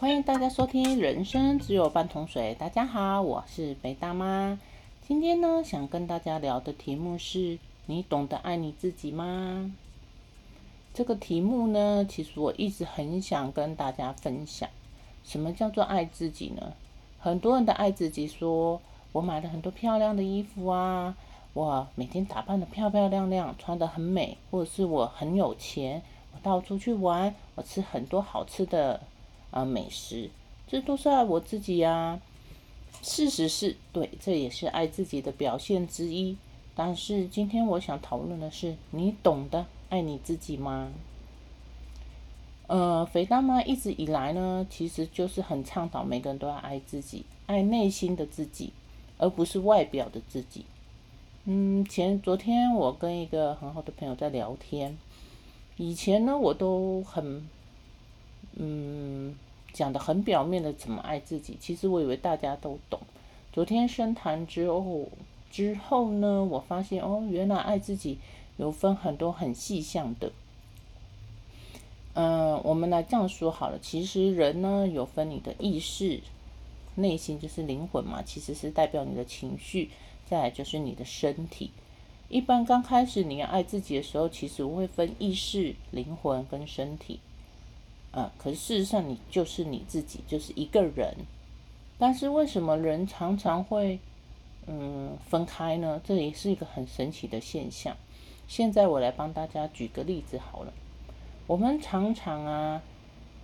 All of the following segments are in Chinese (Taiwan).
歡迎大家收聽《人生只有半桶水》。大家好，我是肥大媽。今天呢，想跟大家聊的題目是：你懂得愛你自己嗎？這個題目呢，其實我一直很想跟大家分享。什麼叫做愛自己呢？很多人的愛自己說，說我買了很多漂亮的衣服啊，我每天打扮得漂漂亮亮，穿得很美，或者是我很有錢，我到處去玩，我吃很多好吃的。啊，美食，這都是愛我自己呀、啊。事實是對，這也是愛自己的表現之一。但是今天我想討論的是，你懂得愛你自己嗎？呃，肥大媽一直以來呢，其實就是很倡導每個人都要愛自己，愛內心的自己，而不是外表的自己。嗯，前昨天我跟一個很好的朋友在聊天，以前呢，我都很。嗯，講得很表面的，怎麼愛自己？其實我以為大家都懂。昨天深談之後，之後呢，我發現哦，原來愛自己有分很多很細項的。嗯、呃，我們來這樣說好了，其實人呢有分你的意識、內心就是靈魂嘛，其實是代表你的情緒，再來就是你的身體。一般剛開始你要愛自己的時候，其實會分意識、靈魂跟身體。啊！可是事實上，你就是你自己，就是一個人。但是為什麼人常常會嗯分開呢？這也是一個很神奇的現象。現在我來幫大家舉個例子好了。我們常常啊，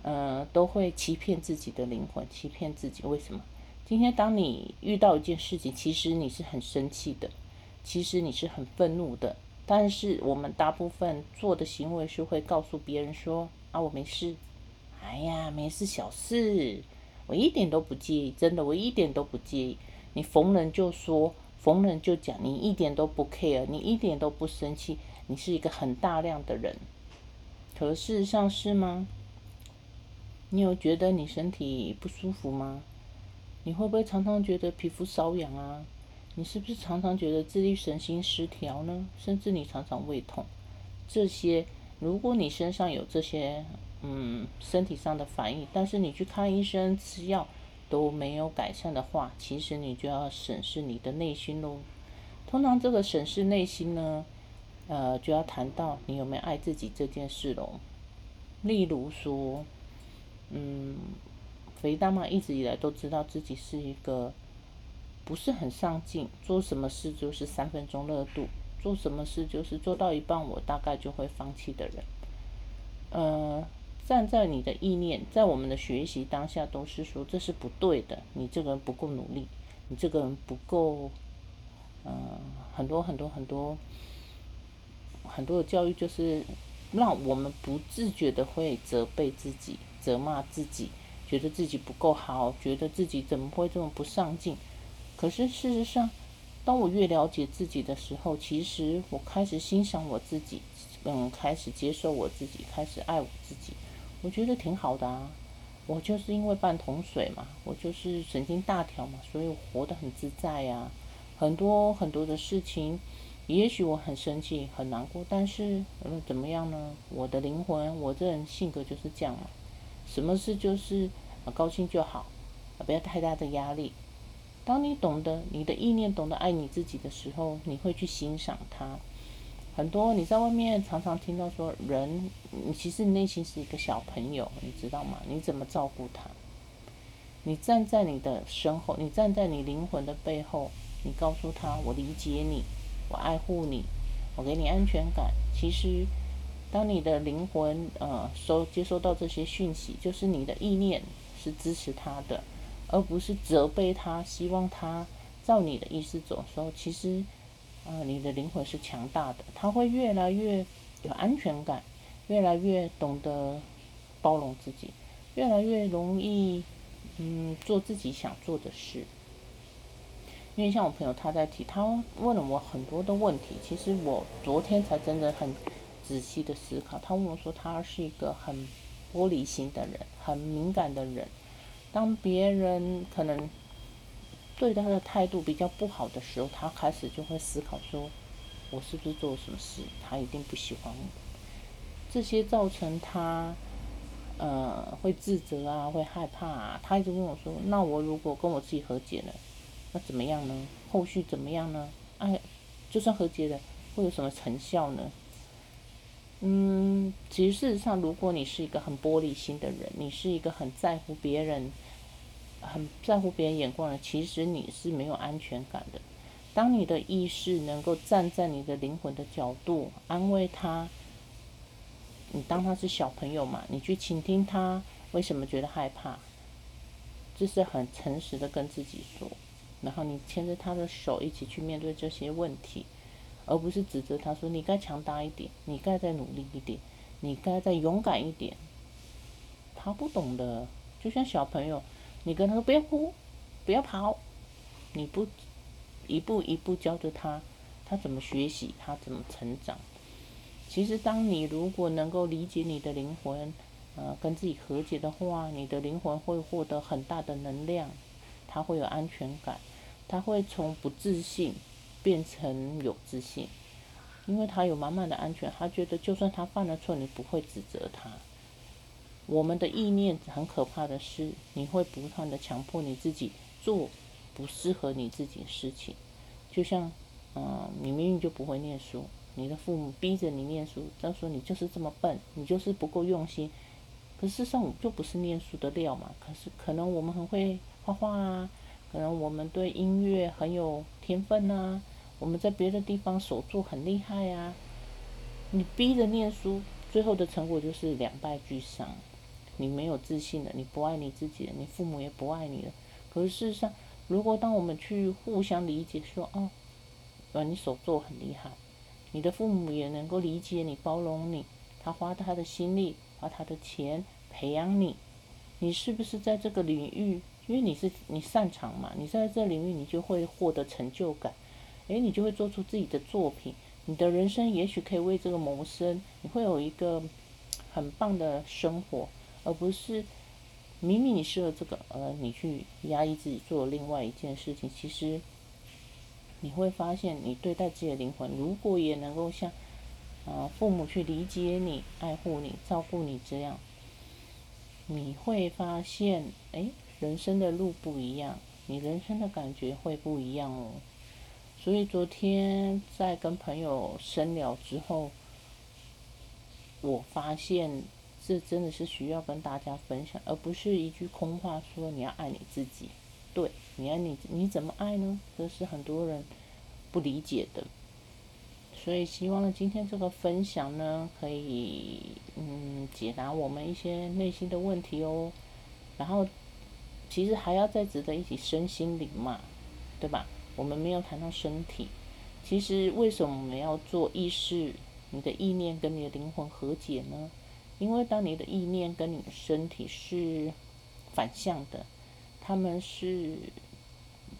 呃，都會欺騙自己的靈魂，欺騙自己。為什麼？今天當你遇到一件事情，其實你是很生氣的，其實你是很憤怒的。但是我們大部分做的行為是會告訴別人說：“啊，我沒事。”哎呀，沒事，小事，我一點都不介意，真的，我一點都不介意。你逢人就說，逢人就講，你一點都不 care，你一點都不生氣，你是一個很大量的人。可事實上是嗎？你有覺得你身體不舒服嗎？你會不會常常覺得皮膚瘙癢啊？你是不是常常覺得自律神經失調呢？甚至你常常胃痛，這些，如果你身上有這些，嗯，身體上的反應，但是你去看醫生吃藥都沒有改善的話，其實你就要審視你的內心嘍。通常這個審視內心呢，呃，就要談到你有沒有愛自己這件事嘍。例如說，嗯，肥大媽一直以來都知道自己是一個不是很上進，做什麼事就是三分鐘熱度，做什麼事就是做到一半我大概就會放棄的人，嗯、呃。站在你的意念，在我們的學習當下，都是說這是不對的。你這個人不夠努力，你這個人不夠，嗯、呃，很多很多很多很多的教育，就是讓我們不自覺的會責備自己、責罵自己，覺得自己不夠好，覺得自己怎麼會這麼不上進。可是事實上，當我越了解自己的時候，其實我開始欣賞我自己，嗯，開始接受我自己，開始愛我自己。我覺得挺好的啊，我就是因為半桶水嘛，我就是神經大條嘛，所以我活得很自在呀，啊。很多很多的事情，也許我很生氣很難過，但是，呃、怎麼樣呢？我的靈魂，我這人性格就是這樣嘛，啊。什麼事就是，啊、高興就好，啊，不要太大的壓力。當你懂得你的意念，懂得愛你自己的時候，你會去欣賞它。很多你在外面常常聽到說，人，你其實內心是一個小朋友，你知道嗎？你怎麼照顧他？你站在你的身後，你站在你靈魂的背後，你告訴他：我理解你，我愛護你，我給你安全感。其實，當你的靈魂呃收接收到這些訊息，就是你的意念是支持他的，而不是責備他，希望他照你的意思走的時候，其實。啊、呃，你的靈魂是強大的，他會越來越有安全感，越來越懂得包容自己，越來越容易嗯做自己想做的事。因為像我朋友他在提，他問了我很多的問題，其實我昨天才真的很仔細的思考。他問我說他是一個很玻璃心的人，很敏感的人，當別人可能。對他的態度比較不好的時候，他開始就會思考說，我是不是做了什麼事，他一定不喜歡我。這些造成他，呃，會自責啊，會害怕啊。他一直跟我說，那我如果跟我自己和解了，那怎麼樣呢？後續怎麼樣呢？哎，就算和解了，會有什麼成效呢？嗯，其實事實上，如果你是一個很玻璃心的人，你是一個很在乎別人。很在乎別人眼光的，其實你是沒有安全感的。當你的意識能夠站在你的靈魂的角度安慰他，你當他是小朋友嘛，你去傾聽他為什麼覺得害怕，這是很誠實的跟自己說。然後你牽着他的手一起去面對這些問題，而不是指責他說：“你該強大一點，你該再努力一點，你該再勇敢一點。”他不懂的，就像小朋友。你跟他說不要哭，不要跑，你不一步一步教着他，他怎麼學習，他怎麼成長？其實，當你如果能夠理解你的靈魂，呃，跟自己和解的話，你的靈魂會獲得很大的能量，他會有安全感，他會從不自信變成有自信，因為他有滿滿的安全，他覺得就算他犯了錯，你不會指責他。我們的意念很可怕的是，你會不斷地強迫你自己做不適合你自己的事情。就像，嗯，你明明就不會念書，你的父母逼着你念書，他說你就是這麼笨，你就是不夠用心。可事實上，我就不是念書的料嘛。可是可能我們很會畫畫啊，可能我們對音樂很有天分啊，我們在別的地方手作很厲害啊。你逼着念書，最後的成果就是兩敗俱傷。你沒有自信了，你不愛你自己了，你父母也不愛你了。可是事實上，如果當我們去互相理解說，說哦，呃，你手作很厲害，你的父母也能夠理解你、包容你，他花他的心力、花他的錢培養你，你是不是在這個領域？因為你是你擅長嘛，你在這個領域你就會獲得成就感，誒，你就會做出自己的作品，你的人生也許可以為這個謀生，你會有一個很棒的生活。而不是明明你失了這個，而你去壓抑自己做另外一件事情，其實你會發現，你對待自己的靈魂，如果也能夠像呃父母去理解你、愛護你、照顧你這樣，你會發現，哎，人生的路不一樣，你人生的感覺會不一樣哦。所以昨天在跟朋友深聊之後，我發現。這真的是需要跟大家分享，而不是一句空話，說你要愛你自己。對你愛你，你怎麼愛呢？這是很多人不理解的。所以，希望今天這個分享呢，可以嗯解答我們一些內心的問題哦。然後，其實還要再值得一提，身心靈嘛，對吧？我們沒有談到身體。其實為什麼我們要做意識？你的意念跟你的靈魂和解呢？因為當你的意念跟你的身體是反向的，他們是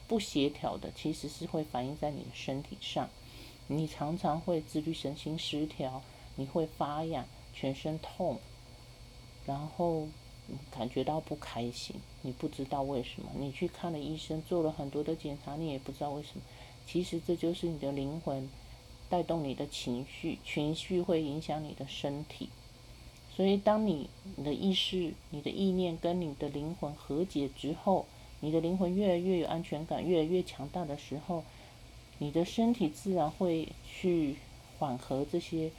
不協調的，其實是會反映在你的身體上。你常常會自律神經失調，你會發癢、全身痛，然後感覺到不開心。你不知道為什麼，你去看了醫生，做了很多的檢查，你也不知道為什麼。其實這就是你的靈魂帶動你的情緒，情緒會影響你的身體。所以當你，當你的意識、你的意念跟你的靈魂和解之後，你的靈魂越來越有安全感，越來越強大的時候，你的身體自然會去緩和這些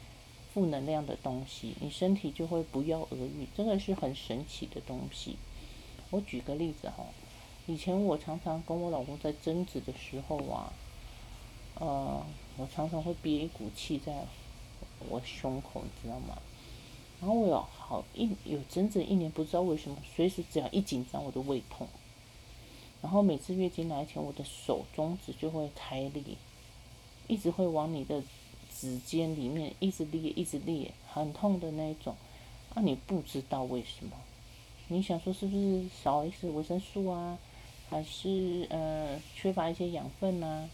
負能量的東西，你身體就會不藥而愈，真的是很神奇的東西。我舉個例子哈，以前我常常跟我老公在爭執的時候啊，呃，我常常會憋一股氣在我胸口，你知道嗎？然後我有好一有整整一年，不知道為什麼，隨時只要一緊張，我都胃痛。然後每次月經來前，我的手中指就會開裂，一直會往你的指尖裡面一直裂，一直裂，很痛的那種。啊，你不知道為什麼？你想說是不是少一些維生素啊？還是呃缺乏一些養分吶、啊？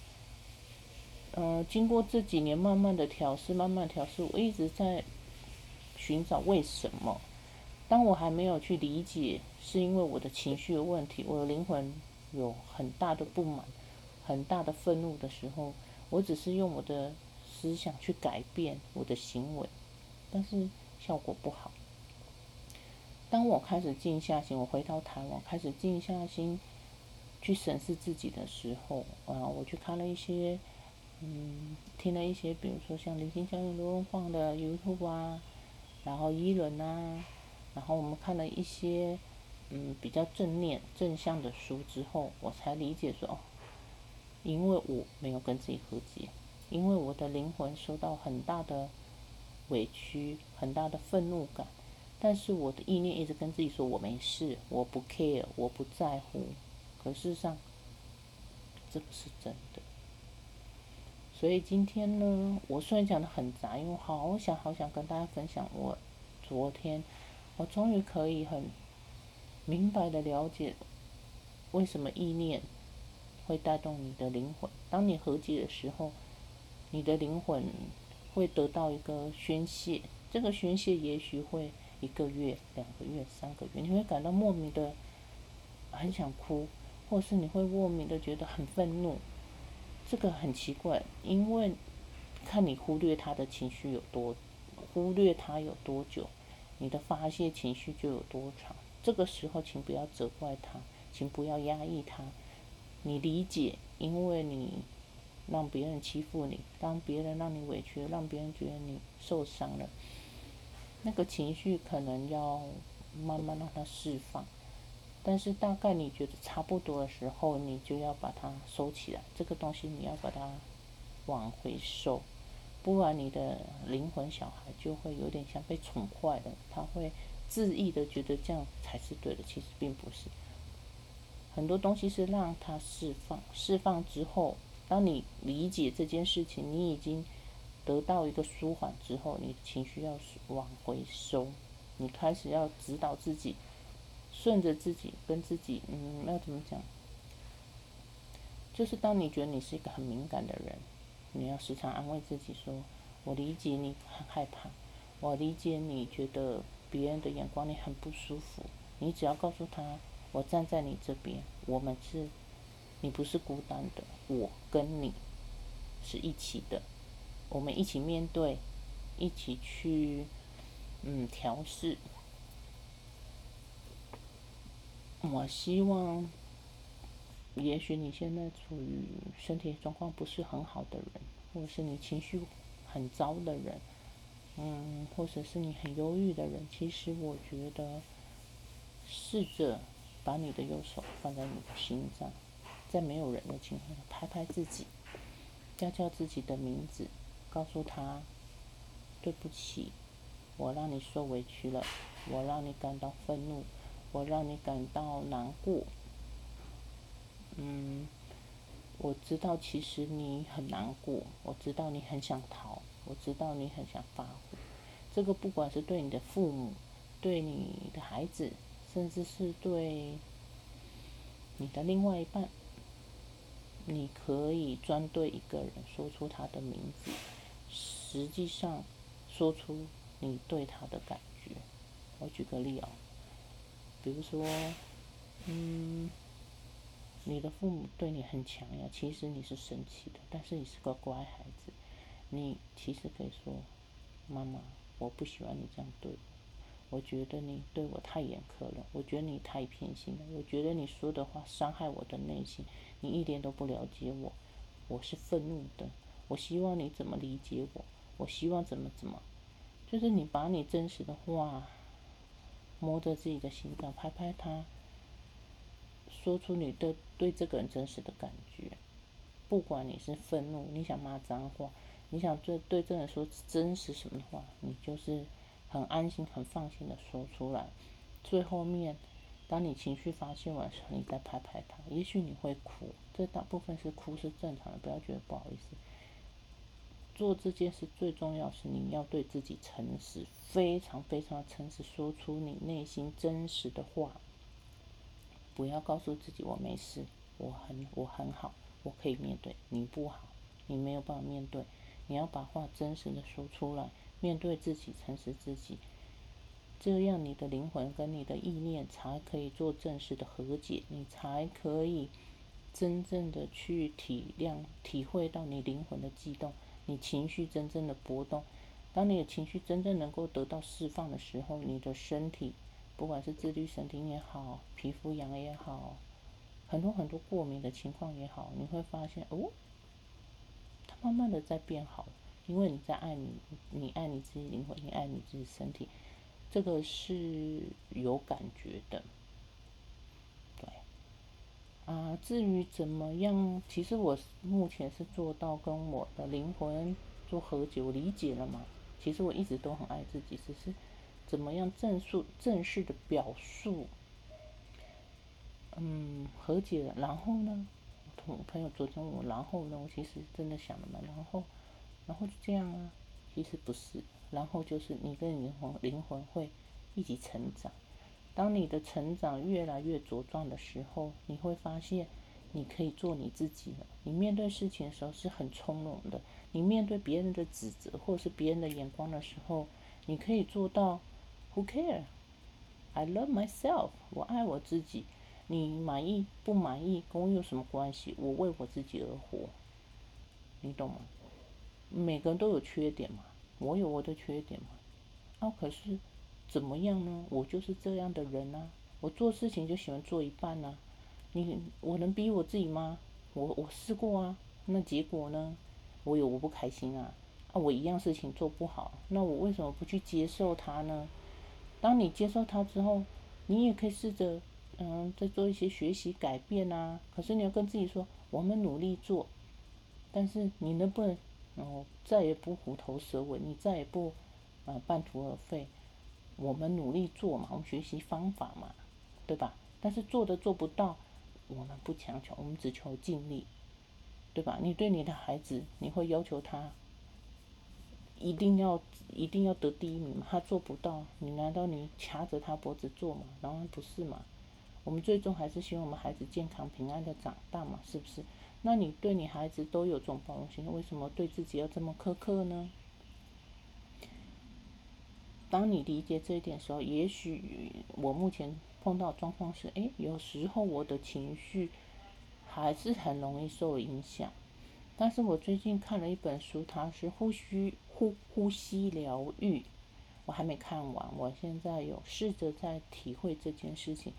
嗯、呃，經過這幾年慢慢的調試，慢慢的調試，我一直在。尋找為什麼？當我還沒有去理解，是因為我的情緒有問題，我的靈魂有很大的不滿，很大的憤怒的時候，我只是用我的思想去改變我的行為，但是效果不好。當我開始靜下心，我回到台灣，開始靜下心去審視自己的時候，啊，我去看了一些，嗯，聽了一些，比如說像林清江、劉文、放的 YouTube 啊。然後一輪吶，啊，然後我們看了一些嗯，比較正面、正向的書之後，我才理解說哦，因為我沒有跟自己和解，因為我的靈魂受到很大的委屈、很大的憤怒感，但是我的意念一直跟自己說我沒事，我不 care，我不在乎，可事實上這不、個、是真的。所以今天呢，我雖然講的很雜，因為好想好想跟大家分享，我昨天我終於可以很明白的了解為什麼意念會帶動你的靈魂。當你和解的時候，你的靈魂會得到一個宣洩。這個宣洩也許會一個月、兩個月、三個月，你會感到莫名的很想哭，或是你會莫名的覺得很憤怒。這個很奇怪，因為看你忽略他的情緒有多，忽略他有多久，你的發泄情緒就有多長。這個時候，請不要責怪他，請不要壓抑他，你理解，因為你讓別人欺負你，讓別人讓你委屈，讓別人覺得你受傷了，那個情緒可能要慢慢讓他釋放。但是大概你覺得差不多的時候，你就要把它收起來。這個東西你要把它往回收，不然你的靈魂小孩就會有點像被寵壞的，他會恣意的覺得這樣才是對的，其實並不是。很多東西是讓他釋放，釋放之後，當你理解這件事情，你已經得到一個舒緩之後，你的情緒要往回收，你開始要指導自己。順着自己跟自己，嗯，要怎麼講？就是當你覺得你是一個很敏感的人，你要時常安慰自己說：“我理解你很害怕，我理解你覺得別人的眼光你很不舒服。”你只要告訴他：“我站在你這邊，我們是，你不是孤單的，我跟你，是一起的，我們一起面對，一起去，嗯，調適。”我希望，也許你現在處於身體狀況不是很好的人，或者是你情緒很糟的人，嗯，或者是你很憂鬱的人，其實我覺得，試着把你的右手放在你的心臟，在沒有人的情況下拍拍自己，叫叫自己的名字，告訴他對不起，我讓你受委屈了，我讓你感到憤怒。我讓你感到難過，嗯，我知道其實你很難過，我知道你很想逃，我知道你很想發火。這個不管是對你的父母、對你的孩子，甚至是對你的另外一半，你可以專對一個人說出他的名字，實際上說出你對他的感覺。我舉個例哦。比如說，嗯，你的父母對你很強呀，其實你是生氣的，但是你是個乖孩子。你其實可以說：“媽媽，我不喜歡你這樣對我，我覺得你對我太嚴苛了，我覺得你太偏心了，我覺得你說的話傷害我的內心，你一點都不了解我，我是憤怒的。我希望你怎麼理解我，我希望怎麼怎麼，就是你把你真實的話。”摸着自己的心臟，拍拍他，說出你對對這個人真實的感覺。不管你是憤怒，你想罵髒話，你想對對這個人說真實什麼的話，你就是很安心、很放心的說出來。最後面，當你情緒發洩完時候，你再拍拍他，也許你會哭，這大部分是哭是正常的，不要覺得不好意思。做這件事最重要是，你要對自己誠實，非常非常誠實，說出你內心真實的話。不要告訴自己“我沒事，我很我很好，我可以面對”。你不好，你沒有辦法面對。你要把話真實的說出來，面對自己，誠實自己。這樣你的靈魂跟你的意念才可以做正式的和解，你才可以真正的去體諒、體會到你靈魂的激動。你情緒真正的波動，當你的情緒真正能夠得到釋放的時候，你的身體，不管是自律神經也好，皮膚癢也好，很多很多過敏的情況也好，你會發現哦，它慢慢的在變好，因為你在愛你，你愛你自己靈魂，你愛你自己身體，這個是有感覺的。啊，至於怎麼樣，其實我目前是做到跟我的靈魂做和解，我理解了嘛。其實我一直都很愛自己，只是怎麼樣正述正式的表述，嗯，和解了。然後呢，朋友昨天問我，然後呢，我其實真的想了嘛，然後，然後就這樣啊，其實不是，然後就是你跟靈魂靈魂會一起成長。當你的成長越來越茁壯的時候，你會發現你可以做你自己了。你面對事情的時候是很從容的。你面對別人的指責或者是別人的眼光的時候，你可以做到，Who care? I love myself。我愛我自己。你滿意不滿意跟我有什麼關係？我為我自己而活。你懂嗎？每個人都有缺點嘛，我有我的缺點嘛。那、哦、可是。怎麼樣呢？我就是這樣的人啊，我做事情就喜歡做一半啊。你我能逼我自己嗎？我我試過啊，那結果呢？我有我不開心啊，啊，我一樣事情做不好，那我為什麼不去接受它呢？當你接受它之後，你也可以試着，嗯，再做一些學習改變啊。可是你要跟自己說，我們努力做，但是你能不能，哦，再也不虎頭蛇尾，你再也不，呃，半途而廢。我們努力做嘛，我們學習方法嘛，對吧？但是做的做不到，我們不強求，我們只求盡力，對吧？你對你的孩子，你會要求他一定要一定要得第一名嗎？他做不到，你難道你掐著他脖子做嗎？當然不是嘛。我們最終還是希望我們孩子健康平安的長大嘛，是不是？那你對你孩子都有這種包容心，為什麼對自己要這麼苛刻呢？當你理解這一點的時候，也許我目前碰到狀況是：哎，有時候我的情緒還是很容易受影響。但是我最近看了一本書，它是呼吸呼呼吸療癒，我還沒看完。我現在有試着在體會這件事情：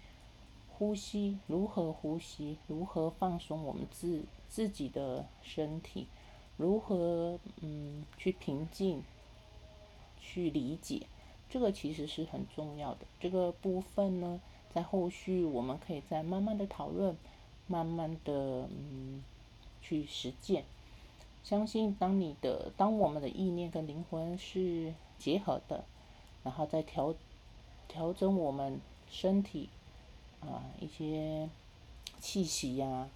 呼吸，如何呼吸，如何放鬆我們自自己的身體，如何嗯去平靜，去理解。這個其實是很重要的，這個部分呢，在後續我們可以再慢慢的討論，慢慢的嗯去實踐。相信當你的當我們的意念跟靈魂是結合的，然後再調調整我們身體啊一些氣息呀、啊，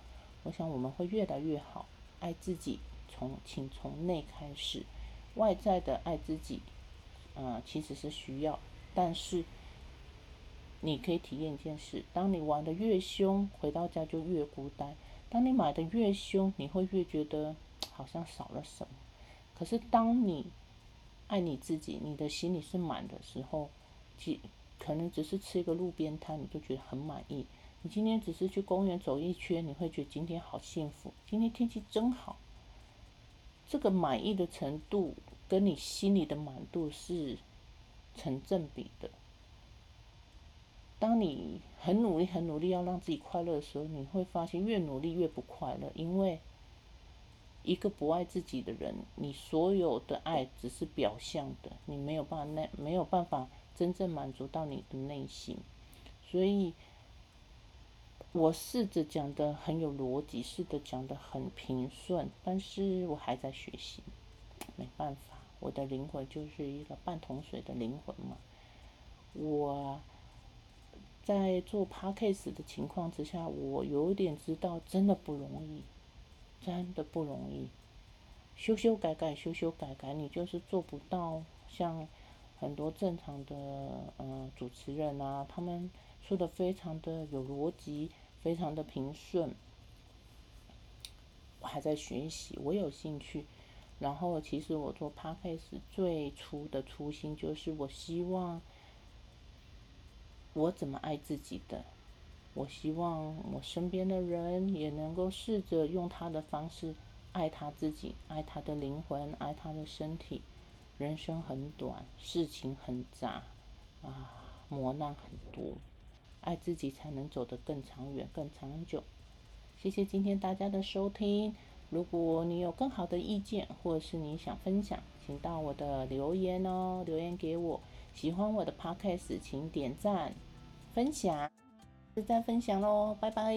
我想我們會越來越好。愛自己，從請從內開始，外在的愛自己。啊、嗯，其實是需要，但是你可以體驗一件事，當你玩得越凶，回到家就越孤單，當你買得越凶，你會越覺得好像少了什麼。可是當你愛你自己，你的心裡是滿的時候，可能只是吃一個路邊攤，你就覺得很滿意。你今天只是去公園走一圈，你會覺得今天好幸福，今天天氣真好。這個滿意的程度，跟你心裡的滿足是成正比的。當你很努力、很努力要讓自己快樂的時候，你會發現越努力越不快樂。因為一個不愛自己的人，你所有的愛只是表象的，你沒有辦法，那沒有辦法真正滿足到你的內心。所以，我試着講的很有邏輯，試着講的很平順，但是我還在學習，沒辦法。我的靈魂就是一個半桶水的靈魂嘛，我在做 Podcast 的情況之下，我有點知道真的不容易，真的不容易，修修改改、修修改改，你就是做不到。像很多正常的嗯、呃、主持人啊，他們說的非常的有邏輯，非常的平順。我還在學習，我有興趣。然後，其實我做帕 c a e 最初的初心就是，我希望我怎麼愛自己的，我希望我身邊的人也能夠試着用他的方式愛他自己，愛他的靈魂，愛他的身體。人生很短，事情很雜，啊，磨難很多，愛自己才能走得更長遠、更長久。謝謝今天大家的收聽。如果你有更好的意見，或者是你想分享，請到我的留言哦，留言給我。喜歡我的 Podcast，請點贊、分享、再分享嘍，拜拜。